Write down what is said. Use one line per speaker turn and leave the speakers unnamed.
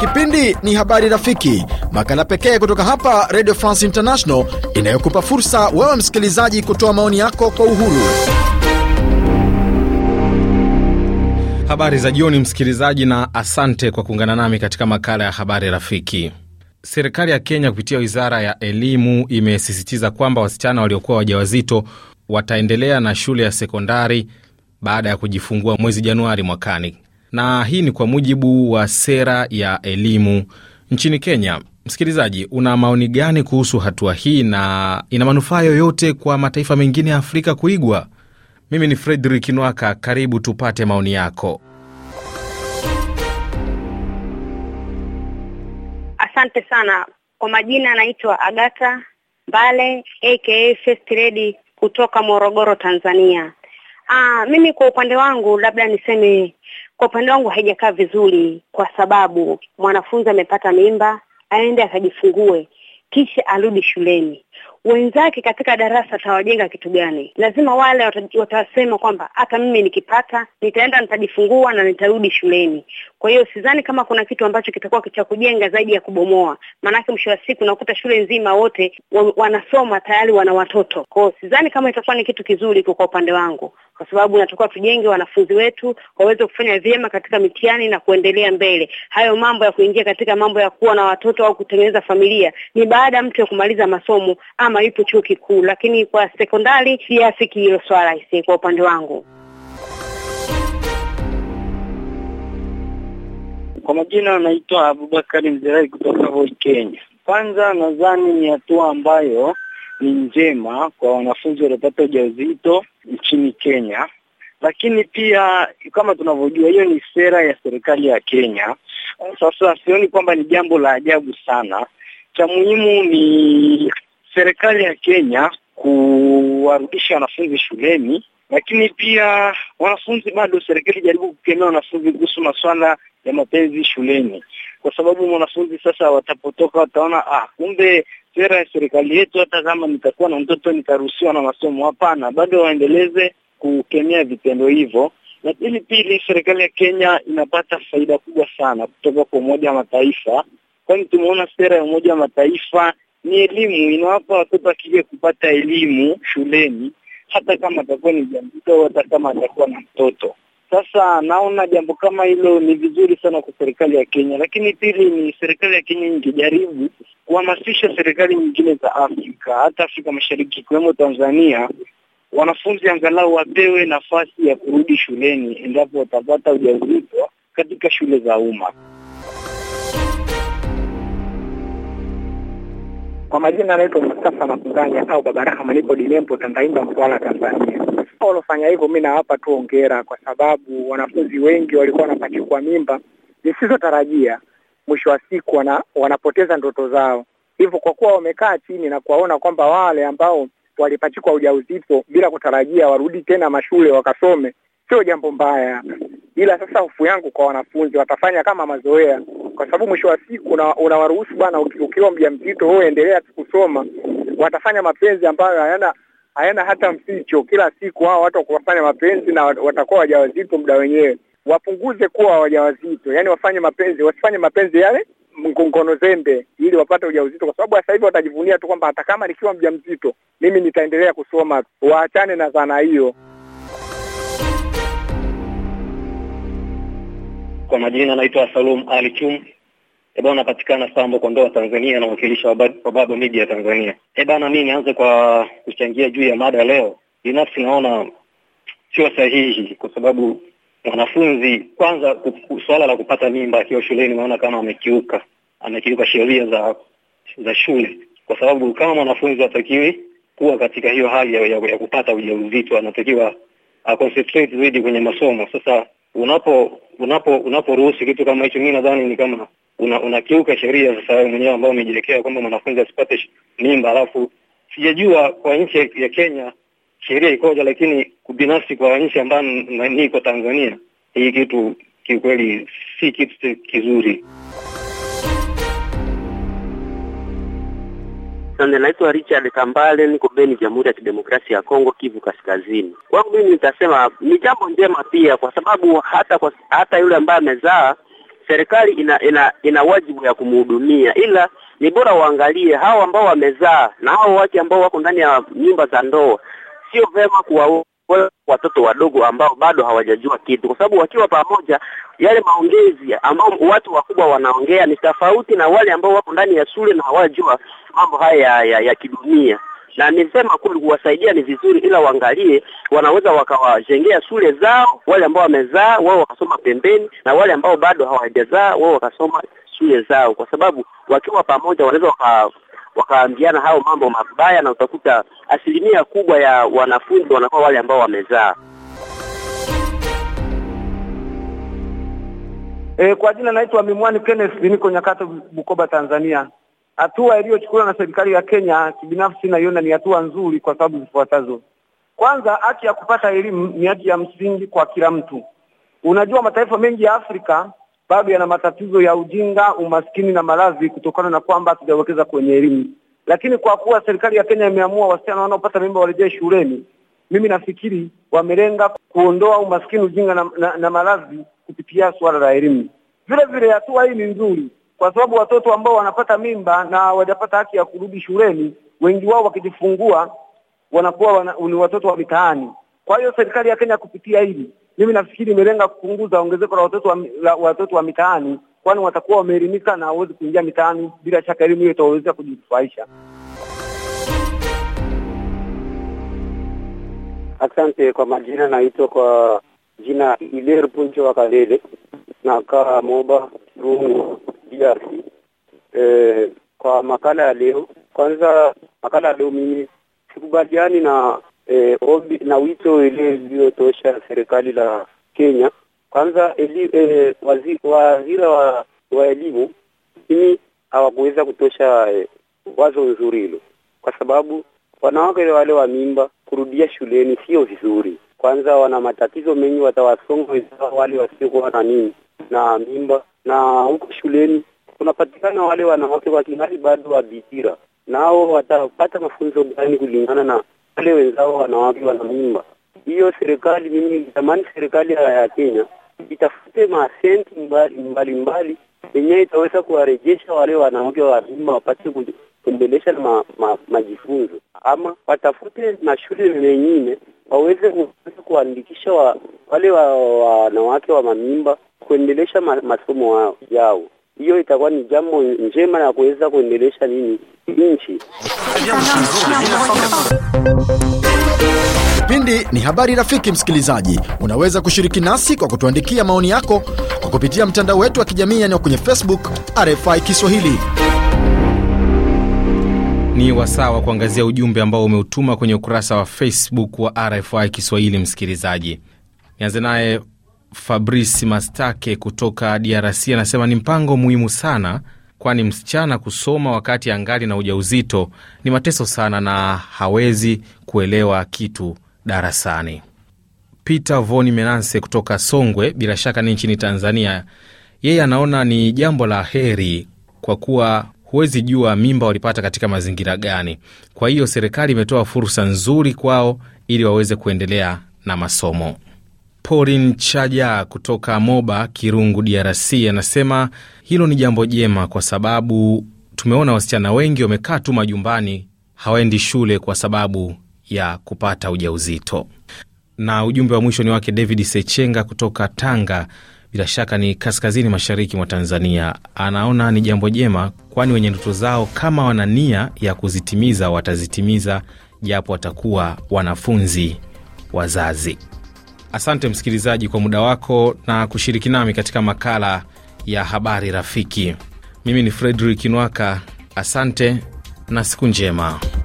Kipindi ni Habari Rafiki, makala pekee kutoka hapa Radio France International inayokupa fursa wewe msikilizaji kutoa maoni yako kwa uhuru. Habari za jioni, msikilizaji, na asante kwa kuungana nami katika makala ya Habari Rafiki. Serikali ya Kenya kupitia wizara ya elimu imesisitiza kwamba wasichana waliokuwa wajawazito wataendelea na shule ya sekondari baada ya kujifungua mwezi Januari mwakani, na hii ni kwa mujibu wa sera ya elimu nchini Kenya. Msikilizaji, una maoni gani kuhusu hatua hii na ina manufaa yoyote kwa mataifa mengine ya Afrika kuigwa? Mimi ni Fredrik Nwaka, karibu tupate maoni yako.
Asante sana kwa majina, anaitwa Agata Mbale aka First Lady kutoka Morogoro, Tanzania. Aa, ah, mimi kwa upande wangu labda niseme kwa upande wangu haijakaa vizuri, kwa sababu mwanafunzi amepata mimba aende akajifungue kisha arudi shuleni wenzake katika darasa atawajenga kitu gani? Lazima wale watasema kwamba hata mimi nikipata nitaenda nitajifungua na nitarudi shuleni. Kwa hiyo sidhani kama kuna kitu ambacho kitakuwa cha kujenga zaidi ya kubomoa, maanake mwisho wa siku nakuta shule nzima wote wanasoma tayari wana watoto. Kwa hiyo sidhani kama itakuwa ni kitu kizuri kwa upande wangu, kwa sababu natakuwa tujenge wanafunzi wetu waweze kufanya vyema katika mitihani na kuendelea mbele. Hayo mambo ya kuingia katika mambo ya kuwa na watoto au kutengeneza familia ni baada ya mtu ya kumaliza masomo ama kama yupo chuo kikuu, lakini kwa sekondari siafiki hilo swala hisi kwa upande wangu. Kwa majina anaitwa Abubakari Mzerai kutoka Voi, Kenya. Kwanza nadhani ni hatua ambayo ni njema kwa wanafunzi waliopata ujauzito nchini Kenya, lakini pia kama tunavyojua hiyo ni sera ya serikali ya Kenya. Sasa sioni kwamba ni jambo la ajabu sana. Cha muhimu ni serikali ya Kenya kuwarudisha wanafunzi shuleni, lakini pia wanafunzi bado, serikali jaribu kukemea wanafunzi kuhusu masuala ya mapenzi shuleni, kwa sababu wanafunzi sasa watapotoka wataona, ah, kumbe sera ya serikali yetu, hata kama nitakuwa na mtoto nitaruhusiwa na masomo. Hapana, bado waendeleze kukemea vitendo hivyo. Na pili pili, serikali ya Kenya inapata faida kubwa sana kutoka kwa Umoja wa Mataifa, kwani tumeona sera ya Umoja wa Mataifa ni elimu inawapa watoto akija kupata elimu shuleni, hata kama atakuwa ni mjamzito au hata kama atakuwa na mtoto. Sasa naona jambo kama hilo ni vizuri sana kwa serikali ya Kenya, lakini pili ni serikali ya Kenya ingejaribu kuhamasisha serikali nyingine za Afrika, hata Afrika Mashariki ikiwemo Tanzania, wanafunzi angalau wapewe nafasi ya kurudi shuleni endapo watapata ujauzito katika shule za umma. Kwa majina anaitwa Mustafa Makunganya au Baba Rahma, nipo Dilembo Tandaimba, Mtwara, Tanzania. Walofanya hivyo mi nawapa tu hongera, kwa sababu wanafunzi wengi walikuwa wanapachikwa mimba zisizotarajia, mwisho wa siku wana, wanapoteza ndoto zao. Hivyo kwa kuwa wamekaa chini na kuwaona kwamba wale ambao walipachikwa ujauzito bila kutarajia warudi tena mashule wakasome, sio jambo mbaya, ila sasa hofu yangu kwa wanafunzi watafanya kama mazoea, kwa sababu mwisho wa siku unawaruhusu una bwana, ukiwa mzito wewe endelea kusoma, watafanya mapenzi ambayo hayana hayana hata mficho. Kila siku hao watu wakufanya mapenzi na watakuwa wajawazito muda wenyewe, wapunguze kuwa wajawazito, yani wafanye mapenzi, wasifanye mapenzi yale ngono zembe, ili wapate ujauzito, kwa sababu sasa hivi watajivunia tu kwamba hata kama nikiwa mjamzito mimi nitaendelea kusoma. Waachane na dhana hiyo. Kwa majina anaitwa Salum Ali Chum. E bwana, napatikana Sambo Kondoa, Tanzania, na mwakilisha Wababu Media ya Tanzania. E bwana, mimi nianze kwa kuchangia juu ya mada leo. Binafsi naona sio sahihi, kwa sababu mwanafunzi kwanza, suala la kupata mimba akiwa shuleni, naona kama amekiuka amekiuka sheria za za shule, kwa sababu kama mwanafunzi atakiwi kuwa katika hiyo hali ya, ya, ya kupata ujauzito, anatakiwa concentrate zaidi kwenye masomo. Sasa unapo unapo unaporuhusu kitu kama hicho, mimi nadhani ni kama una, unakiuka sheria sasa wewe mwenyewe ambao umejielekea kwamba mwanafunzi asipate mimba. Alafu sijajua kwa nchi ya Kenya sheria ikoja lakini kubinafsi kwa nchi ambayo niko Tanzania, hii kitu kiukweli si kitu kizuri.
Sasa naitwa Richard Kambale, niko Beni, Jamhuri ya Kidemokrasia ya Kongo, Kivu Kaskazini. Kwangu mimi nitasema ni jambo njema pia, kwa sababu hata kwa, hata yule ambaye amezaa serikali ina, ina ina wajibu ya kumhudumia, ila ni bora waangalie hao ambao wamezaa na hao wake ambao wako ndani ya nyumba za ndoa, sio vema kuwa wale watoto wadogo ambao bado hawajajua kitu, kwa sababu wakiwa pamoja, yale maongezi ambao watu wakubwa wanaongea ni tofauti na wale ambao wapo ndani ya shule na hawajua mambo haya ya, ya, ya
kidunia
na nisema kweli kuwasaidia ni vizuri, ila waangalie wanaweza wakawajengea shule zao, wale ambao wamezaa wao wakasoma pembeni, na wale ambao bado hawajazaa wao wakasoma shule zao, kwa sababu wakiwa pamoja wanaweza waka wakaambiana hao mambo mabaya, na utakuta asilimia kubwa ya wanafunzi wanakuwa wale ambao wamezaa. E, kwa jina naitwa Mimwani Kenneth, niko Nyakato, Bukoba, Tanzania. Hatua iliyochukuliwa na serikali ya Kenya kibinafsi naiona ni hatua nzuri kwa sababu zifuatazo. Kwanza, haki ya kupata elimu ni haki ya msingi kwa kila mtu. Unajua mataifa mengi ya Afrika bado yana matatizo ya ujinga, umaskini na maradhi, kutokana na kwamba hatujawekeza kwenye elimu. Lakini kwa kuwa serikali ya Kenya imeamua wasichana wanaopata mimba warejee shuleni, mimi nafikiri wamelenga kuondoa umaskini, ujinga na, na, na maradhi kupitia suala la elimu. Vile vile hatua hii ni nzuri kwa sababu watoto ambao wanapata mimba na wajapata haki ya kurudi shuleni, wengi wao wakijifungua wanakuwa wana, ni watoto wa mitaani. Kwa hiyo serikali ya Kenya kupitia hili mimi nafikiri imelenga kupunguza ongezeko la watoto wa, la watoto wa mitaani, kwani watakuwa wameelimika na hawezi kuingia mitaani. Bila shaka elimu hiyo itawawezesha kujinufaisha. Asante. Kwa majina naitwa kwa jina Iler Punjo wa Kalele, nakaa Moba Rungu, DRC. E, eh, kwa makala ya leo, kwanza makala ya leo mimi sikubaliani na eh, ombi na wito iliyotosha serikali la Kenya. Kwanza ili, eh, wazi, waziri wa, wa elimu lakini hawakuweza kutosha eh, wazo nzuri hilo, kwa sababu wanawake wale wa mimba kurudia shuleni sio vizuri. Kwanza wana matatizo mengi, watawasonga wenzao wale wasiokuwa na nini na mimba, na huko shuleni kunapatikana wale wanawake wakingali kingali bado wabikira, nao watapata mafunzo gani kulingana na wale wenzao wanawake wana mimba. Hiyo serikali, mimi nitamani serikali ya Kenya itafute masenti mbali mbali yenyewe itaweza kuwarejesha wale wanawake wa mimba wapate kuendelesha na majifunzo ma, ama watafute mashule mengine waweze kuandikisha wa, wale wanawake wa, wa mamimba kuendelesha ma, masomo yao hiyo itakuwa ni jambo njema na kuweza kuendelesha nini nchi.
Kipindi ni habari. Rafiki msikilizaji, unaweza kushiriki nasi kwa kutuandikia maoni yako kwa kupitia mtandao wetu wa kijamii yaani kwenye Facebook RFI Kiswahili. Ni wasaa wa kuangazia ujumbe ambao umeutuma kwenye ukurasa wa Facebook wa RFI Kiswahili. Msikilizaji, nianze naye Fabrice Mastake kutoka DRC anasema ni mpango muhimu sana, kwani msichana kusoma wakati angali na ujauzito ni mateso sana na hawezi kuelewa kitu darasani. Peter Von Menanse kutoka Songwe, bila shaka ni nchini Tanzania, yeye anaona ni jambo la heri kwa kuwa huwezi jua mimba walipata katika mazingira gani. Kwa hiyo serikali imetoa fursa nzuri kwao ili waweze kuendelea na masomo. Porin Chaja kutoka Moba Kirungu, DRC anasema hilo ni jambo jema, kwa sababu tumeona wasichana wengi wamekaa tu majumbani, hawaendi shule kwa sababu ya kupata ujauzito. Na ujumbe wa mwisho ni wake David Sechenga kutoka Tanga, bila shaka ni kaskazini mashariki mwa Tanzania. Anaona ni jambo jema, kwani wenye ndoto zao kama wana nia ya kuzitimiza watazitimiza, japo watakuwa wanafunzi wazazi. Asante msikilizaji kwa muda wako na kushiriki nami katika makala ya habari rafiki. Mimi ni Fredrik Nwaka, asante na siku njema.